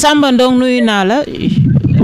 Samba Ndong nuyu naa la.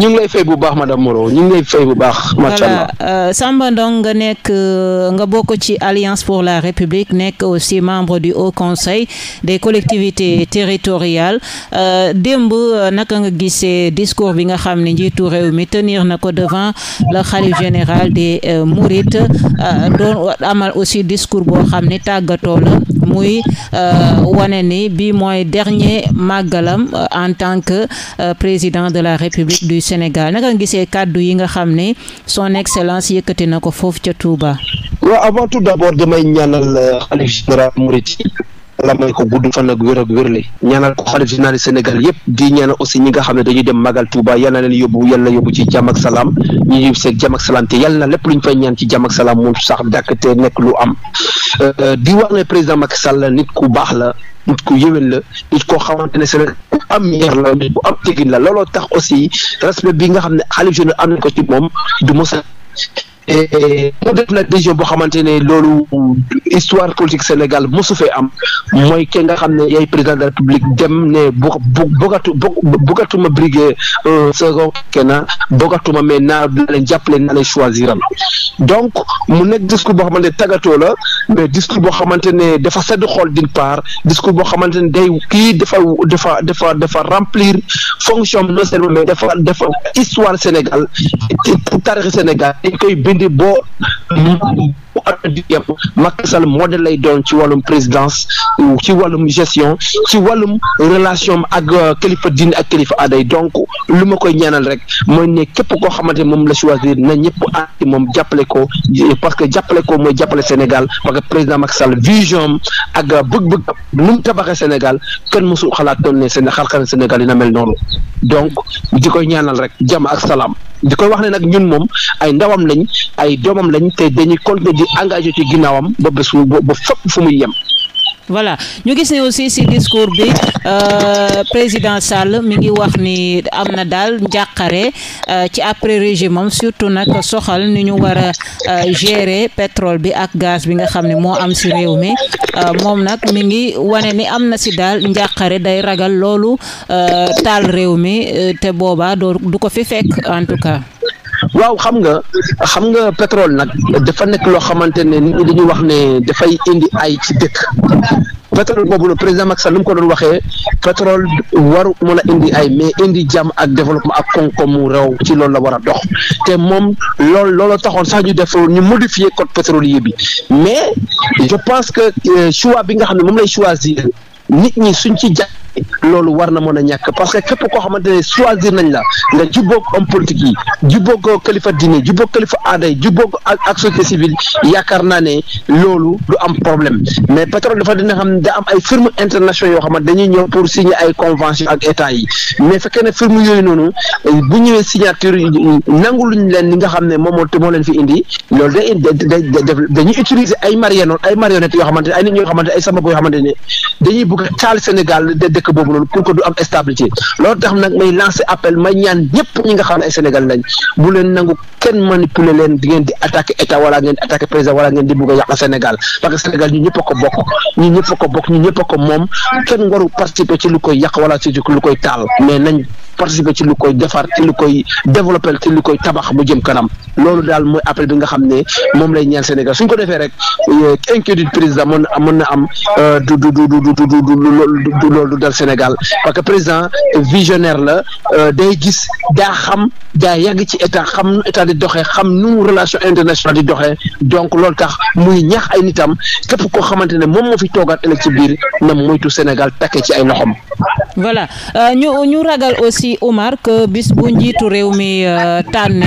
ñu ngi fay bu baax madame Moreau ñu ngi fay bu baax. macha euh, Samba Ndong nga nekk euh, nga bokk ci Alliance pour la République nekk aussi membre du Haut Conseil des collectivités territoriales euh, démb naka nga gisee discours bi nga xam ne njiitu réew mi tenir na ko devant le khalife général des Mourides doon amal aussi discours boo xam ne tàggatoo muy euh, wane ni bi mooy dernier màggalam euh, en tant que euh, président de la République du Sénégal naka nga gisee kàddu yi nga xam ne son excellence yëkkati na ko foofu ca Touba. waaw avant tout d'abord damay ñaanal la may ko gudd fan ak wér ak wérle ñaanal ko xalif général Sénégal yëpp di ñaanal aussi ñi nga xam ne dañuy dem magal Touba yal na leen yóbbu yal na yóbbu ci jàmm ak salaam ñu yóbbu seeg jàmm ak salaam te yal na lépp lu ñu fay ñaan ci jàmm ak salaam mu sax dàkk te nekk lu am euh, di wax ne président Macky Sall nit ku baax la nit ku yëwén la nit koo xamante ne Sénégal ku am yar la nit am tegin la looloo tax aussi respect bi nga xam ne xalif général am ko ci moom du mos mu def na décision boo xamante ne loolu histoire politique Sénégal mosu fee am mooy ke nga xam ne yaay président de la République dem ne bu bogatu bogatuma briguer un second kenn bogatuma mais naa leen jàppale naa leen choisiral donc mu nekk discours boo xamante ne tàggatoo la mais discours boo xamante ne dafa sedd xool d'une part discours boo xamante ne day kii dafa dafa dafa dafa remplir fonction non seulement mais dafa dafa histoire Sénégal taarix Sénégal indi boo bu at di yëpp Macky lay doon ci wàllum présidence ci wàllum gestion ci wàllum relation ak euh, kilifa diine ak kilifa aaday donc lu ma koy ñaanal rek mooy ne képp koo xamante moom la choisir na ñëpp ànd moom jàppale ko parce que jàppale ko mooy jàppale Sénégal parce que président Macky Sall vision ak euh, bëgg-bëgg nu tabaxee Sénégal kenn mosul xalaat doon ne seen xarxan Sénégal dina mel noonu donc di koy ñaanal rek jàmm ak salaam di koy wax ne nag ñun moom ay ndawam lañ ay doomam lañ te dañuy continuer di engage ci ginnaawam ba bés ba fépp fu muy yem. voilà ñu gis ne aussi si discours bi euh, président Sall mi ngi wax ni am na daal njàqare euh, ci après régime am surtout nag soxal ni ñu war a euh, pétrole bi ak gaz bi nga xam ne moo am si réew mi moom nag mi ngi wane ni am na si daal njàqare day ragal loolu taal réew mi te booba doo du ko fi fekk en tout cas waaw xam nga xam nga pétrole nag dafa nekk loo xamante ne nit ñi dañuy wax ne dafay indi ay ci dëkk pétrole boobu la président Macky Sall lu mu ko doon waxee pétrole war mën a indi ay mais indi jàmm ak développement ak koom-koomu réew ci loolu la war a dox te moom loolu looloo taxoon sax ñu def ñu modifier code pétrolier bi mais je pense que euh, choix bi nga xam ne moom lay choisir nit ñi suñ ci jàpp loolu war na mën a ñàkk parce que képp koo xamante choisir nañ la nga jubboog homme politique yi jubboog kalifa diine jubboog kalifa aaday jubboog ak ak société civile yaakaar naa ne loolu du am problème mais pétrole dafa da am ay firme internationale yoo xamante dañuy ñëw nga xam ne moom moo yoo xamante dañuy bëgg a taal Sénégal dëkk dëkk pour que du am stabilité loolu tax may lancer appel may ñaan ñëpp ñi nga xam ne Sénégal lañ bu leen nangu kenn manipuler leen di ngeen état wala di attaquer président wala di bugg a Sénégal parce Sénégal ñu ñëpp a ko bokk ñu ñëpp a ko moom kenn waru participer ci lu koy yàq wala ci lu koy taal mais nañ participer ci lu koy defar ci lu koy développer ci lu koy tabax mu jëm kanam loolu daal mooy appel bi nga xam ne moom lay ñaan Sénégal suñ ko defee rek inquiétude président mën na mën na am du du du du du du du loolu du Sénégal parce que président visionnaire la day gis daa xam daa yàgg ci état xam nu état di doxee xam nu relation internationale di doxee donc loolu tax muy ñax ay nitam képp koo xamante ne moom moo fi toogaat ëllëg ci biir na moytu Sénégal takke ci ay loxom ci Omar que bis bu njiitu réew mi euh, tànne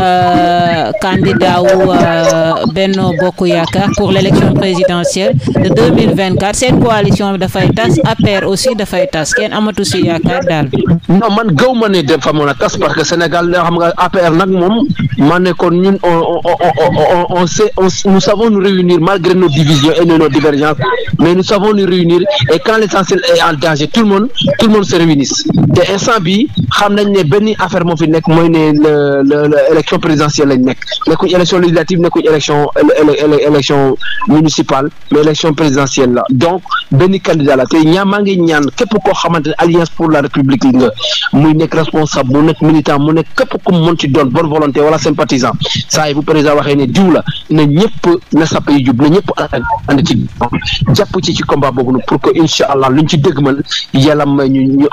euh, candidat wu euh, Benno Bokk Yaakaar pour l'élection présidentielle de 2024 seen coalition bi dafay tas APR aussi dafay tas kenn amatu si yaakaar daal. non man gaw ma ne dafa mën a tas parce que Sénégal xam nga APR nag moom ma ne kon ñun on on on sait nous savons nous réunir malgré nos divisions et nos divergences mais nous savons nous réunir et quand l'essentiel est en danger tout le monde tout le monde se réunisse te instant bi fii xam nañ ne benn affaire moo fi nekk mooy ne le le élection présidentielle lañ nekk nekkuñ élection législative nekkuñ élection élection municipale mais élection présidentielle la donc benn candidat la te ñaa maa ngi ñaan képp koo xamante ne alliance pour la république li nga muy nekk responsable mu nekk militant mu nekk képp ku mën ci doon bonne volonté wala sympathisant saa yi bu président waxee ne diw la na ñëpp na yi jub na ñëpp ànd ci jàpp ci ci combat boobu pour que ci dëgg man yàlla may ñu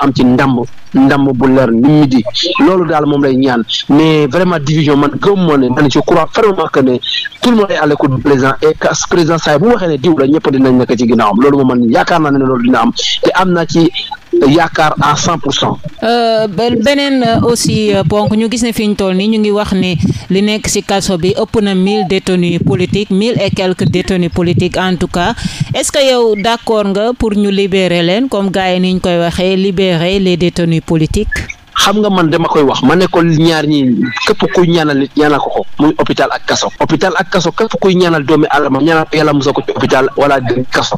bu leer ni midi loolu daal moom lay ñaan mais vraiment division man gëm moo ne man je crois fermement que ne tout le président et bu waxee ne diw la ñëpp dinañ nekk ci ginnaawam loolu moom man yaakaar naa ne loolu dina am te am na ci yaakaar à cent pour cent. Euh, beneen euh, aussi euh, ponk ñu gis ne fi ñu toll nii ñu ngi wax ni li nekk ci kaso bi ëpp na mille détenus politiques mille et quelques détenus politiques en tout cas est-ce que yow d'accord nga pour ñu libérer leen comme gars yi ni ñu koy waxee libérer les détenus politiques. xam nga man dama koy wax ma ne ñaar ñi këpp kuy ñaanal nit ñaanal ko ko muy hôpital ak kaso hôpital ak kaso képp kuy ñaanal doomi aadama ñaanal ko yàlla musal ko ci hôpital wala gën kaso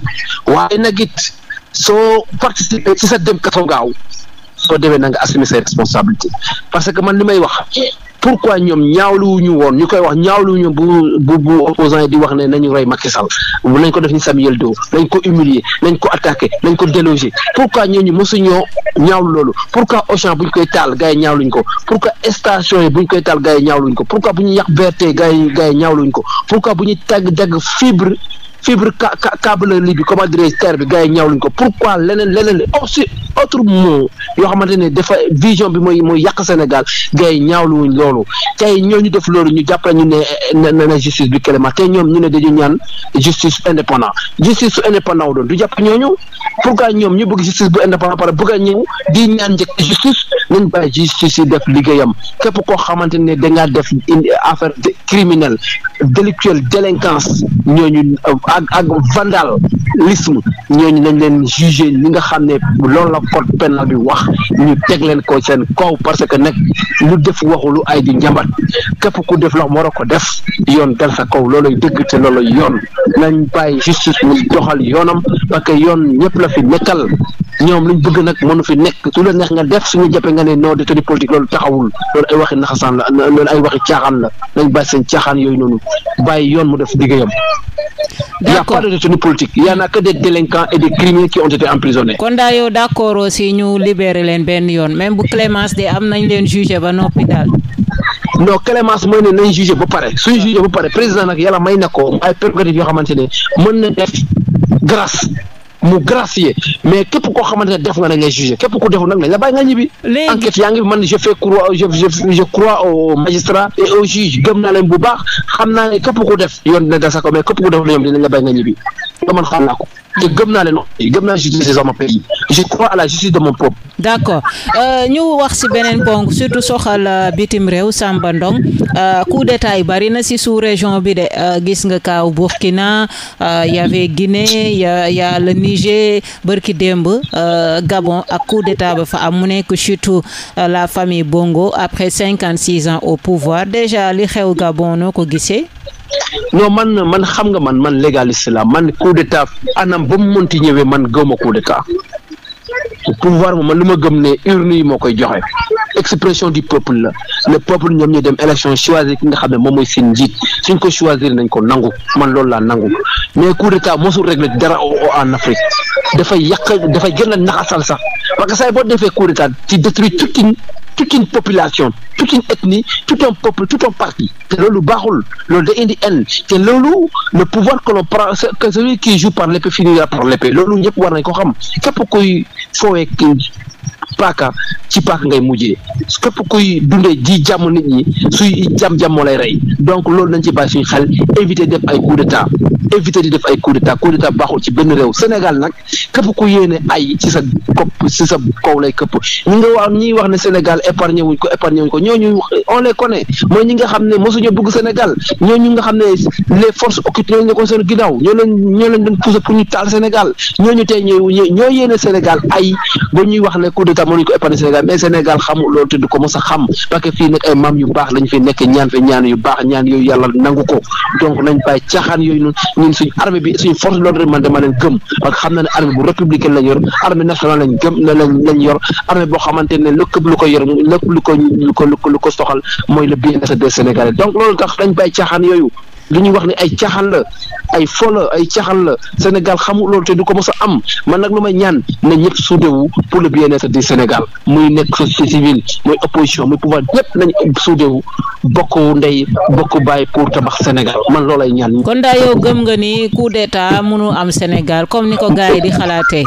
soo participer ci sa dem kaso gaaw soo demee na nga assumer ses responsabilités parce que man li may wax pourquoi ñoom ñaawluwuñu woon ñu koy wax ñaawluwuñu bu bu bu opposant yi di wax ne nañu rey Macky Sall nañ ko def ni Samuel Doe nañ ko humilier nañ ko attaqué nañ ko déloger pourquoi ñooñu mosuñoo ñaawlu loolu pourquoi Auchan buñ koy taal gars yi ñaawluñ ko pourquoi station yi buñ koy taal gars yi ñaawluñ ko pourquoi bu ñu yàq BRT gars yi gars yi ñaawluñ ko pourquoi bu ñuy tàgg dagg fibre fibre ca câble li bi comment dirais terre bi gars yi ko pourquoi leneen leneen aussi autre mot yoo xamante ne dafa vision bi mooy mooy yàq Sénégal gars yi ñaawluwuñ loolu tey ñooñu def loolu ñu jàppale ñu ne ne ne justice bi Clément tey ñoom ñu ne dañu ñaan justice indépendant justice su indépendant wu doon du jàpp ñooñu pourquoi ñoom ñu bëgg justice bu indépendant pare bëgg a ñëw di ñaan njëkk justice nañ bàyyi justice yi def liggéeyam képp koo xamante ne dangaa def affaire criminelle délictuelle délinquance ñooñu euh, ak ak vandalisme ñooñu nañ leen jugé li nga xam ne loolu la code pénal bi wax ñu teg leen ko seen kaw parce que nag lu def waxulu ay di njambat képp ku def lox war ko def yoon dal sa kaw looloy dëgg te looloy yoon nañ bàyyi justice mu doxal yoonam parce que yoon ñëpp la fi nekkal ñoom luñ bëgg nag mënu fi nekk su la neex nga def suñu jàppee nga ne non de tëddi politique loolu taxawul loolu ay waxi naxasaan la loolu ay waxi caaxaan la nañ bàyyi seen caaxaan yooyu noonu bàyyi yoon mu def liggéeyam. d' accord de détenu politique y' en a que des délinquants et des criminels qui ont été emprisonnés. kon daa yow d' accord ñu libéré leen benn yoon même bu Clémence de am nañ leen jugé ba noppi daal. non Clémence mooy ne nañ jugé ba pare suñ jugé ba pare président nag yàlla may na ko ay yoo xamante ne mën na def mu gracier mais képp koo xamante ne def nga nañ lay jugé képp ku deful nag lañ la bàyyi nga ñibbi. léegi enquête yaa ngi man je fais croire je je crois au magistrat et au juge gëm naa leen bu baax xam naa ne képp ku def yoon dina dal sa kaw mais képp ko def la ñoom dinañ la bay nga ñibbi ba man xam ko. te gëm naa leen gëm je crois à la justice de mon peuple. d' accord euh, ñu wax si beneen bonk surtout soxal euh, bitim réew Samba Ndong euh, coup d'état yi bari na si sous région bi de gis nga kaaw Burkina y avait Guinée ya ya le Niger bërki démb Gabon ak coup d'état ba fa am mu nekk surtout la famille Bongo après cinquante six ans au pouvoir déjà li xew Gabon noo ko gisee. non man man xam nga man man légaliste la man coup d'état anam ba mu mënti ñëwee man gëwma coup d'état pouvoir moom man lu ma gëm ne urne moo koy joxe expression du peuple la le peuple ñoom ñu dem élection choisir ki nga xam ne moom mooy seen njiit suñ ko choisir nañ ko nangu man loolu laa nangu mais coup d'état mosul régler dara en Afrique dafay yàq dafay gën a naxasal sax parce que saa boo defee coup d'état ci détruit toute une toute une population toute une ethnie tout un peuple tout un parti te loolu baaxul loolu da indi haine te loolu le pouvoir que l'on prend que celui qui joue par l'épée finira par l'épée loolu ñëpp war nañ ko xam képp kuy foowee paaka ci paaka ngay mujjee képp koy dundee ji jàmm nit ñi suy jàmm jàmm lay rey donc loolu nañ ci bàyyi suñu xel éviter def ay coup d'état éviter yi def ay coup d'état coup d'état baaxul ci benn réew Sénégal nag képp ku yéene ay ci sa kopp ci sa kow lay këpp ñu nga wax ñiy wax ne Sénégal épargné wuñ ko épargné wuñ ko ñooñu on les connaît ñi nga xam ne mosuñu bëgg Sénégal ñooñu nga xam ne les forces occultes ñoo nekkoon seen ginnaaw ñoo leen ñoo leen doon poussé pour ñu taal Sénégal ñooñu ñoo ñoo yéene Sénégal ay ba ñuy wax ne coup d'état mënuñ ko épargné Sénégal mais Sénégal xamul loolu te du ko mos a xam parce que fii nag ay maam yu baax lañ fi nekk ñaan fi ñaan yu baax ñaan yooyu yàlla nangu ko donc nañ bàyyi caaxaan yooyu noonu ñun suñ armée bi suñ force de l'ordre man dama leen gëm parce que xam na ne armée bu républicaine lañ yor armée nationale lañ yor armée boo xamante ne lëkkab lu ko yor lëkk lu ko lu ko lu ko soxal mooy le bien-être des Sénégalais donc loolu tax dañ bàyyi caaxaan yooyu li ñuy wax ne ay caaxaan la ay fola ay caxal la Sénégal xamul loolu te du ko mos a am man nag lu may ñaan na ñëpp suudewu pour le bien-être du Sénégal muy nekk société civile muy opposition muy pouvoir ñëpp nañ suudewu bokk ndey bokk bàyyi pour tabax Sénégal man loolay ñaan. kon daa gëm nga ni coup deeta mënu am Sénégal comme ni ko gars yi di xalaatee.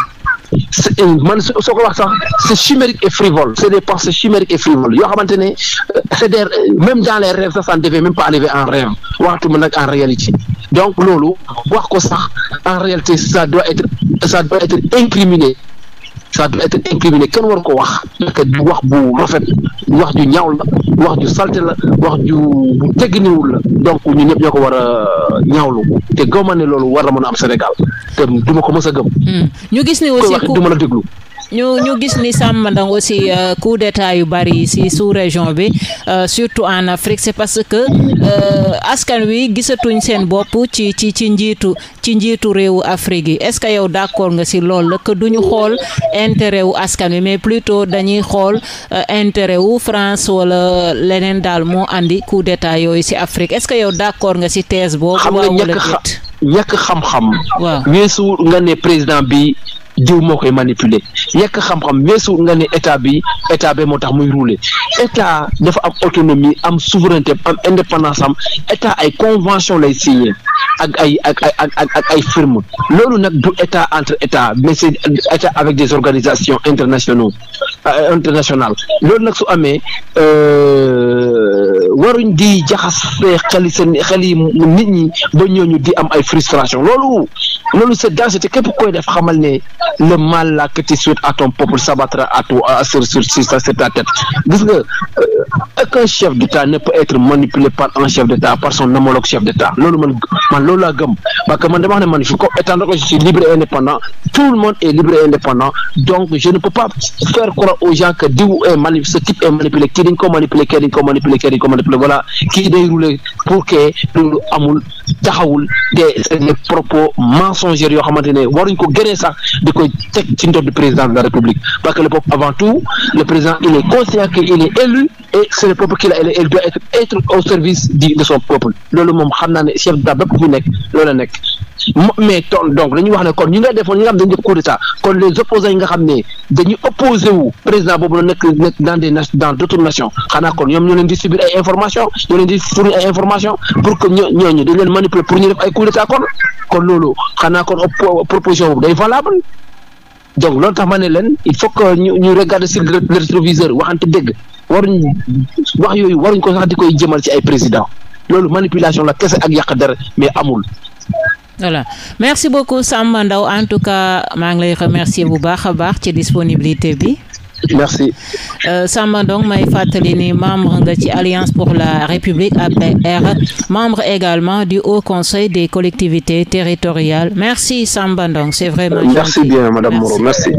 man soo ko wax sax c'est chimérique et frivole c'est des pensées chimériques et frivoles yoo xamante ne euh, c'est des même dans les rêves sax ça ne devait même pas arriver en rêve waxtuma nag en réalité donc loolu wax ko sax en réalité ça doit être ça doit être incriminé ça doit être incriminé kenn war ko wax que du wax bu rafet wax ju ñaaw la wax ju salte la wax ju bu tegginiwul la donc ñu ñëpp ñoo ko war a ñaawlu te gëmma ne loolu wara na mën am Sénégal te duma ko mës a gëm. Hmm. ñu gis ne aussi ku koy la déglu. ñu ñu gis ni Samba Ndong aussi euh, coup d'état yu bari ci sous-région bi euh, surtout en Afrique c'est parce que euh, askan wi gisatuñ seen bopp ci ci ci njiitu ci njiitu réewu Afrique yi est-ce que yow d'accord nga ci lool la que duñu xool intérêt wu askan wi mais plutôt dañuy xool intérêt wu France wala leneen daal moo indi coup d'état yooyu ci Afrique est-ce que yow d'accord nga ci thèse boobu. waaw wala déet xam nga ñàkk xam-xam. waaw weesu nga ne président bi. jiw moo koy manipuler yekk xam-xam weesu nga ne état bi état bi moo tax muy rouler état def am autonomie am souveraineté am indépendance am état ay convention lay signé ak ay ak ak ak ay firme loolu nag du état entre état mais c'est état avec des organisations euh, internationales loolu nag su amee euh, waruñ di jaxas xel seen xel nit ñi ba ñooñu di am ay frustration loolu loolu c'est danger te képp koy def xamal ne le mal là que tu souhaites à ton peuple s'abattra à toi, sur, sur, sur, sur ta tête. Euh, chef d'État ne peut être manipulé par un chef d'État par son homologue chef d'État loolu man man loolu laa gëm parce que man dama man étant donc je ne peux pas faire croire aux gens que diw est mani ce type est manipulé kii dañ ko manipulé kii dañ ko manipulé kii dañ ko manipulé voilà kii day roulé pour que loolu amul taxawul te yoo xamante ne teg ci ndodd président de la république parce que le peuple avant tout le président il est conscient qu'il est élu et c'est le peuple qui l'a élu doit être au service de son peuple loolu moom xam naa ne chef d'état bépp bu nekk loolu la nekk mais donc dañuy wax ne kon ñi nga defoon ñi nga xam dañu def coup d'état nga xam ne dañuy opposé wu président boobu la nekk nekk dans d'autres nations xanaa kon ñoom ñoo leen di subir ay information ñoo leen di fournir ay information pour que ñoo ñooñu dañ leen manipuler pour ñu donc loolu tax ma ne leen il faut que ñu ñu regarder sur le rétroviseur waxante dëgg waruñ wax yooyu waruñ ko sax di koy jëmal ci ay président loolu manipulation la kese ak yàq dara mais amul. voilà merci beaucoup Samba Ndao en tout cas maa ngi lay remercier bu baax a baax ci disponibilité bi. merci. Euh, Samba Ndong may fàttali ni membre nga ci Alliance pour la République APR membre également du Haut Conseil des collectivités territoriales merci Samba Ndong c'est vraiment. merci bien madame Moreau merci.